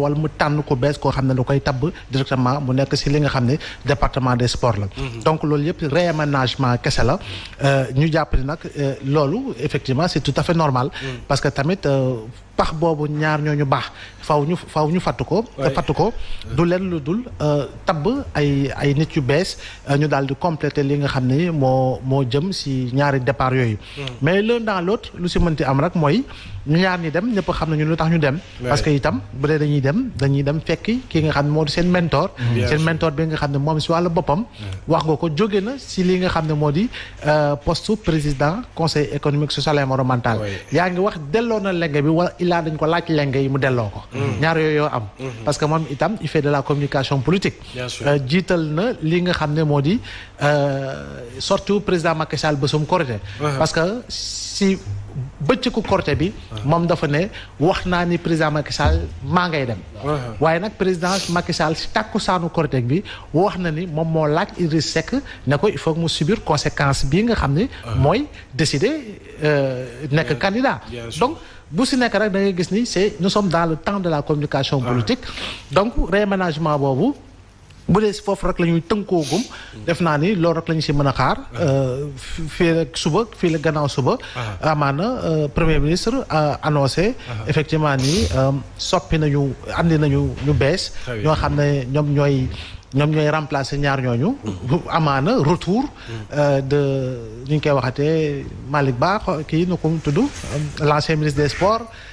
walmu mu ko bes ko xamne ne tab directement mu nek ci li nga xamne département des sports la mhm. donc loolu yëpp réaménagement kese la euh, ñu japp ni nak euh, loolu effectivement c'est tout à fait normal mhm. parce que tamit euh, pax boobu ñaar ñooñu baax faw ñu faw ñu fàttu ko te fàttu ko du leen lu dul euh, tabb ay ay nit yu bees euh, ñu daal di compléter li nga xam ne moo moo jëm si ñaari départ yooyu mais l'un dans l'autre lu si mënti am rek mooy ñu ñaar ñi dem ñëpp xam nañu lu tax ñu dem parce que itam bu dee dañuy dem dañuy dem fekki ki nga xam ne moo di seen mentor seen mentor bi nga xam ne moom si wàllu boppam wax nga ko jóge na si li nga xam ne moo di euh, poste président conseil économique social et environnemental yaa ngi Il a dañ ko laaj lenge yi mu delloo ko mm. ñaar yooyu yoo am mm-hmm. parce que moom itam il fait de la communication politique euh, jiital na li nga xam ne moo di euh, surtout président Macky Sall bésum corté uh-huh. parce que si bëccëgu corté bi uh-huh. moom dafa ne wax naa ni président Macky Sall maa ngay dem uh-huh. waaye nag président Macky Sall si tàkku saanu corté bi wax na ni moom moo laaj Idriss Seck ne ko il faut mu subir conséquence bi nga xam ne mooy décider euh, nekk candidat donc bu si nekk rek da ngay gis ni c'est nous sommes dans le temps de la communication ah. politique donc réaménagement boobu bu dee foofu rek la ñuy tënkoogum def naa ni loolu rek lañu si mën a xaar ah. euh, fii la suba fii la gannaaw suba ah. amaana euh, premier ministre a annoncé effectivement ni euh, soppi nañu andi nañu ñu bees ñoo xam ne ñoom ñooy ñoom ñooy remplacer ñaar ñooñu. amaana retour. Euh, de ñu ngi koy waxatee Malick Ba kii nu ko tudd euh, l'ancien ministre des sports.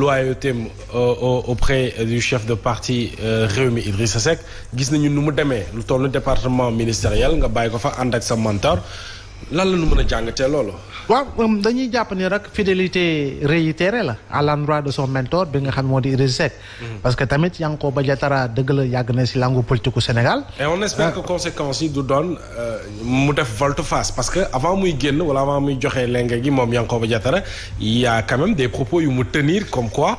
loyauté euh, auprès du chef de parti euh, Réumi Idrissa Seck nous nañu nu le département ministériel nous avons fait un mentor lan la ñu mën a jàngatee loolu. waaw um, dañuy jàpp ni rek fidélité réitérée la à l'endroit de son mentor bi nga xam moo di Idrissa Seck. Mhm. parce que tamit Yankhoba Diattara dëgg la yàgg na si langue politique Sénégal. et on espère ah. que conséquences yi du doon euh, mu def volte-face parce que avant muy génn wala avant muy joxe lenge gi moom Yankhoba Diattara y a quand même des propos yu mu tenir comme quoi.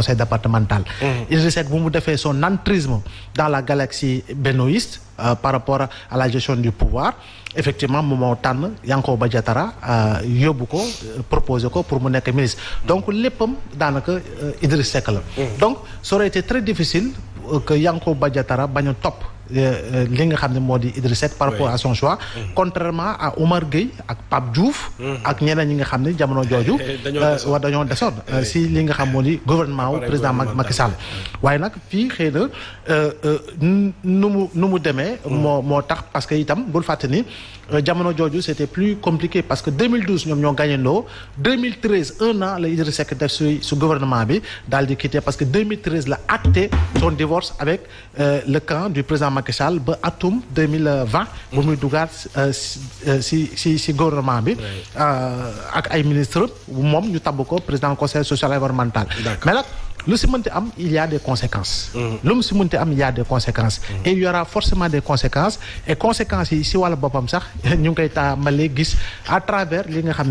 conseil départemental. Mm-hmm. Idriss Seck fait son entrisme dans la galaxie Benoïste euh, par rapport à la gestion du pouvoir effectivement moom Tan, Yanko Badiatara, Diattara euh, yobuko euh, propose quoi pour mu les ministre donc léppam daanaka Idriss Seck la mm-hmm. donc ça aurait été très difficile que yanko Badiatara bañ top euh, euh, li nga xam ne moo di par rapport à son choix mm-hmm. contrairement à Omar Gueye ak Pape Diouf mm-hmm. ak ñeneen ñi nga xam ne jamono jooju euh, wa dañoo desoon si li nga xam moo di gouvernement président Macky Sall waaye nag fii xëy na nu mu nu mu demee mm. moo moo tax parce que itam bul fàtte ni jamono jooju c' était plus compliqué parce que 2012 ñoom ñoo l'eau 2013 un an la secrétaire Seck def gouvernement bi daal di quitté parce que 2013 la acté son divorce avec le camp du président Macky Sall ba atum 2020 bu muy dugaat euh, euh, si si si gouvernement bi euh, ak ay ministre moom ñu tabb ko président conseil social environnemental mais nag lu si mënti am il y a des conséquences mm-hmm. lu mu si mënti am il y a des conséquences mm-hmm. et il y aura forcément des conséquences et conséquences yi si wàllu boppam sax ñu ngi koy tàmbalee gis à travers li nga xam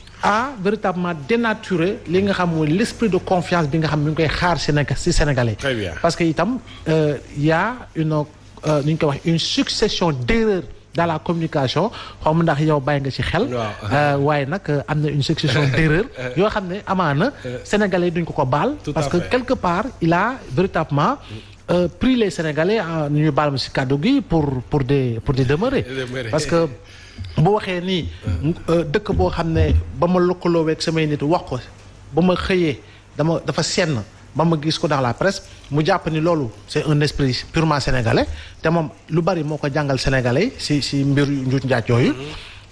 a véritablement dénaturé li nga xam de confiance bi nga xam mi koy xaar si Sénégalais. très bien parce que itam euh, y' a une euh, koy wax une succession d'erreurs dans la communication xam ndax yow bay nga ci xel. Euh, waaye nag euh, am na une succession d'erreurs erreurs yoo xam ne amaana euh. sénégalais duñ ko ko baal. parce que quelque part il a véritablement. Euh, pris les Sénégalais ñu baal ma si kàddu gi pour pour des pour des demeurés. parce que bu waxee nii euh, dëkk boo xam ne ba ma lëkkaloo ak samay nit wax ko ba ma xëyee dama dafa senn ba ma gis ko dans la presque mu jàpp ni loolu c'est un esprit purement sénégalais te moom lu bari moo ko jàngal sénégalais si si mbir njuuj njaaj yooyu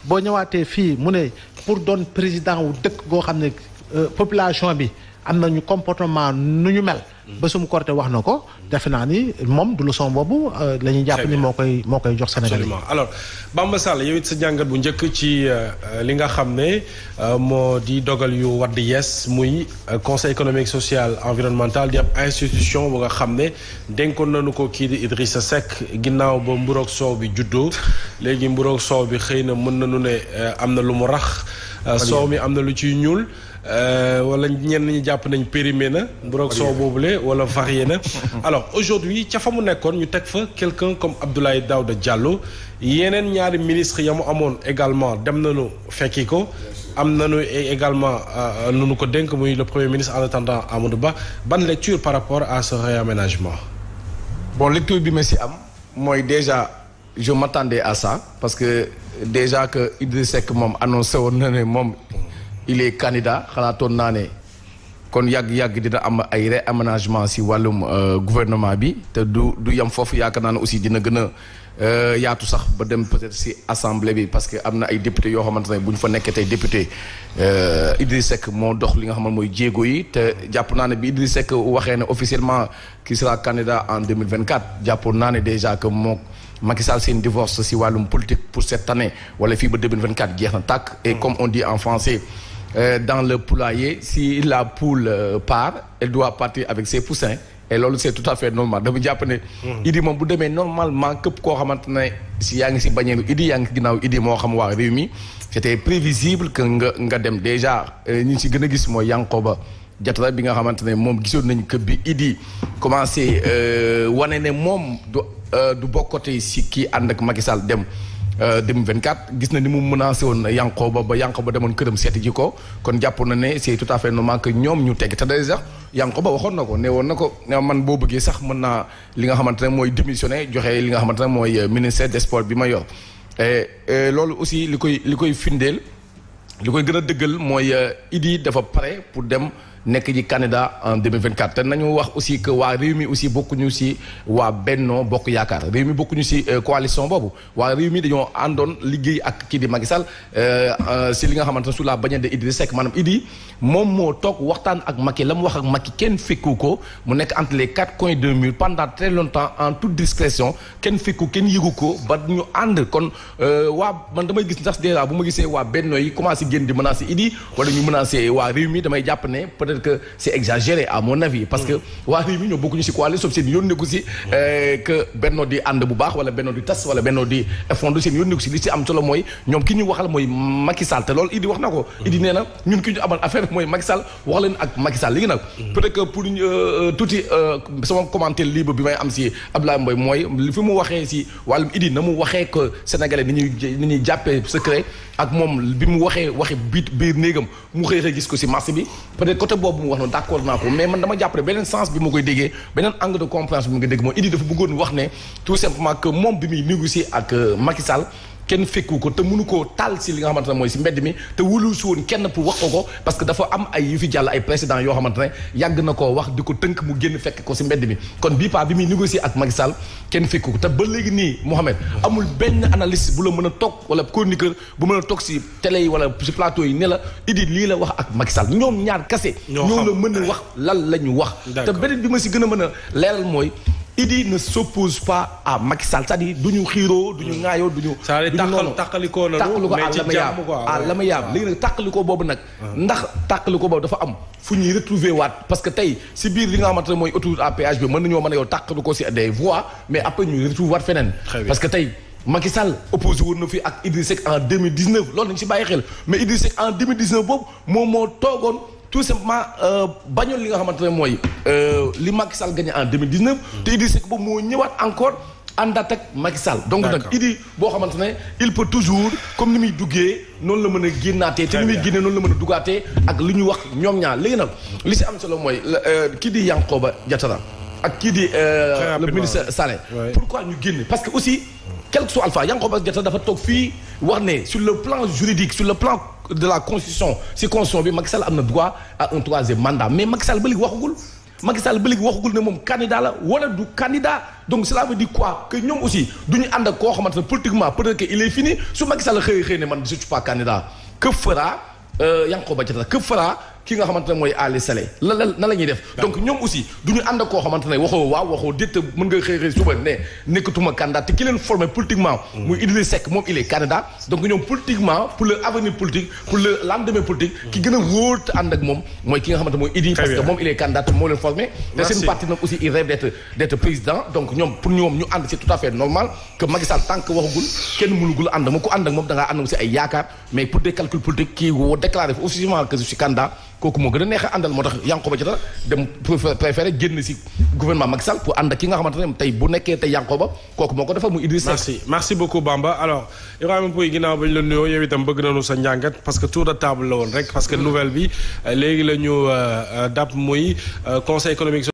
boo ñëwaatee fii mu ne pour doon président wu dëkk goo xam ne euh, population bi am na ñu comportement nu ñu mel Bassoum Korte wax na ko defe naa ni moom du leçon boobu euh, la ñuy jàpp ni moo koy moo koy jox Sénégal yi alors Bamba Sall yow sa jàngat bu njëkk ci euh, euh, li nga xam ne moo di dogal yu wadd yees muy conseil économique social environnementale di ab institution bu nga xam ne dénkoon nañu ko kii di Idrissa Seck ginnaaw ba mburoog soow bi juddoo léegi mburoog soow bi xëy na mën nañu ne am na lu mu rax Euh, soow mi am na lu ciy ñuul euh, wala ñen ñi jàpp nañ périmé na mburoog soow boobule wala varié na alors aujourd'hui ca fa mu nekkoon ñu teg fa quelqu'un comme Abdoulaye Daouda Diallo yeneen ñaari ministre ya mu amoon également dem nañu fekki ko am nañu également euh, nu nu ko dénk muy le premier ministre en attendant Amadou Ba ban lecture par rapport à ce réaménagement bon lecture bi ma si am mooy déjà je m'attendais à ça parce que déjà que Idriss Seck moom annoncé woon na ne il est candidat xalaatoon naa ne kon yag yag dina am ay aménagement si Walum euh, gouvernement bi te du du yam fofu yaakaar naa aussi dina gëna a euh, yaatu sax ba dem peut-être si assemblée bi parce que amna ay député yo xamante buñ fa nekkee tey député euh, Idriss Seck mo dox li nga xam moy djégo yi te jàpp nané bi Idriss Seck waxé né officiellement qui sera candidat en 2024 jàppoon nané déjà que mok Macky Sall une divorce si walum politique pour cette année wala les ba 2024 jeex na et comme on dit en français euh, dans le poulailler si la poule euh, part elle doit partir avec ses poussins et là c'est tout à fait normal dama japp ne. Hmm. Idi mom bu normalement képp ko xamantene si yaa ngi si bañeelu Idi yaa ngi Idi mo xam wa réew mi c'était prévisible que nga nga dem déjà euh, ñi si gëna gis moy Yankoba. jatala bi nga xamante ne moom gisoon nañ que bi Idi commencé euh, wane ne moom du euh, du bokkate si kii ànd ak Macky Sall dem 2024 euh, gis na ni mu menacé woon Yankoba ba Yankoba demoon këram seeti ji ko kon jàpp na ne c'est tout à fait normal que ñoom ñu teg te day sax Yankoba waxoon na ko ne woon na ko man boo bëggee sax mën naa li nga xamante ne mooy démissionné joxe li nga xamante ne mooy ministère des sports bi ma yor loolu aussi li koy li koy findeel li koy gën a dëggal mooy Idi dafa pare pour dem. nek ji canada en 2024 te nañu wax aussi que wa réew aussi aussi ñu ci wa Benno Bokk yakar réew bokku ñu ci euh, coalition bobu wa réew dañu dañoo àndoon ak ki di Macky Sall euh, euh, ci li nga xamantene sous la bannière de Idriss manam Idi mom mo tok waxtaan ak Macky lam wax ak Macky ken fekku ko mu nek entre les quatre coins de mur pendant très longtemps en toute discrétion ken fekku ken yëgu ko ba ñu and kon wa man damay gis ndax déjà bu ma gisee wa Benno yi commencé génn di menacer Idi wala ñu menacer wa réew damay japp ne peut-être que c'est exagéré à mon avis parce que mm. waa réew ñu ñoo ñu ci quoi les seen ñu nekku ci mm. euh, que Benno di and bu baax wala Benno di tas wala Benno di effondre seen yoon nekku ci li ci am solo moy ñom ki ñu waxal moy Macky Sall té loolu Idi wax nako mm. Idi nee ñun ki ñu amal affaire moy Macky Sall wax leen ak Macky Sall léegi nak peut-être que pour euh, euh, tuuti sama commenter libre bi may am ci Abdoulaye Mboye moy li fi mu waxee ci wàllum Idi namu waxé que sénégalais ni ñuy ni ñuy jappé secret ak mom bi mu waxé waxé biit biir néegam mu xëy gis ko ci marché bi peut-être boobu mu wax noonu d'accord naa ko mais man dama jàpp ne beneen sens bi ma koy déggee beneen angle de compréhension bi ma koy dégg mooy Idy dafa bëggoon wax ne tout simplement que moom bi muy négocier ak euh, Macky Sall kenn fekku ko te mënu koo taal si li nga xamante ne mooy si mbedd mi te wulu si woon kenn pour wax ko ko parce que dafa am ay yu fi jàll ay président yoo xamante ne yàgg na koo wax di ko tënk mu génn fekk ko si mbedd mi kon bii paa bi muy négocier ak Macky Sall kenn fekku ko te ba léegi nii Mohamed amul benn analyste bu la mën a toog wala chroniqueur bu mën a toog si télé yi wala si plateau yi ne la idi lii la wax ak Macky Sall ñoom ñaar kase ñoo la mën a wax lan la ñu wax te beneen bi ma si gën a mën a leeral mooy Idi ne s'oppose pas à Macky Sall c'est-à-dire du ñu xiiroo du ñu ŋaayoo du ñu. du ñu noonu tàqalikoo mais ci jàmm quoi à léegi nag tàqalikoo boobu nag. ndax tàqalikoo boobu dafa am fu ñuy retrouver waat parce que tey si biir li nga xamante ne mooy autoroute à péage bi mën nañoo a yow mais après ñuy retrouver waat feneen. parce que tey. Macky Sall opposé woon na fi ak Idriss Seck en 2019 loolu nañu si bàyyi xel mais Idriss Seck en 2019 boobu moom moo toogoon. tout simplement euh, bañoon li nga xamante ne mooy euh, li Macky Sall gagné en 2019. Mm. te Idriss Seck boobu moo ñëwaat encore àndaat ak Macky saal donc nag Idi boo xamante ne il peut toujours comme ni muy duggee noonu la mën a génnaatee. te ni muy génnee noonu la mën a duggaatee ak li ñu wax ñoom ñaar léegi nag. li si am solo mooy euh, kii di ba Diattara ak kii di. le ministre Sall. pourquoi ñu génn parce que aussi. quel que soit Alpha Yankoba Diatta dafa toog fii wax sur le plan juridique sur le plan de la constitution si constitution bi Macky Sall am droit à un troisième mandat mais Macky Sall ba léegi Macky Sall ba léegi waxagul ne moom candidat wala du candidat donc cela veut dire quoi que nous aussi du ñu ànd ak politiquement peut-être que il est fini su Macky Sall xëy xëy ne man je suis pas candidat que fera euh, Yankoba Diatta que fera ki nga xamantene moy Ali Saleh la la na def donc ñom aussi duñu and ko xamantene waxo wa waxo waxoo waaw waxoo mën nga xëy suba né nekutuma candidat té ki leen formé politiquement mm. muy idriss Seck mom il est candidat donc ñom politiquement pour leur avenir politique pour le lendemain politique mm. ki gëna woot and ak mom moy ki nga xamantene moy idriss parce que mom il est candidat mo leen formé te seen parti nag aussi il rêve d'être d'être président donc ñom pour ñom ñu and c'est tout à fait normal que Macky Sall tant que waxagul kenn mënugul and ma ku ànd ak mom da nga and si ay yaakaar mais pour des calculs politiques ki wo déclarer officiellement que je suis candidat kooku moo gën a neex a àndal moo tax Yankoba Diattara dem préféré génn si gouvernement Macky pour ànd ki nga xamante ne tey bu nekkee tey Yankoba kooku moo ko defal mu Idriss merci beaucoup Bamba alors Ibrahima Pouy ginnaaw ba ñu la nuyoo yow itam bëgg nañu sa njàngat parce que tour de table la woon rek parce que mm. nouvelle bi euh, léegi la euh, euh, dab muy conseil économique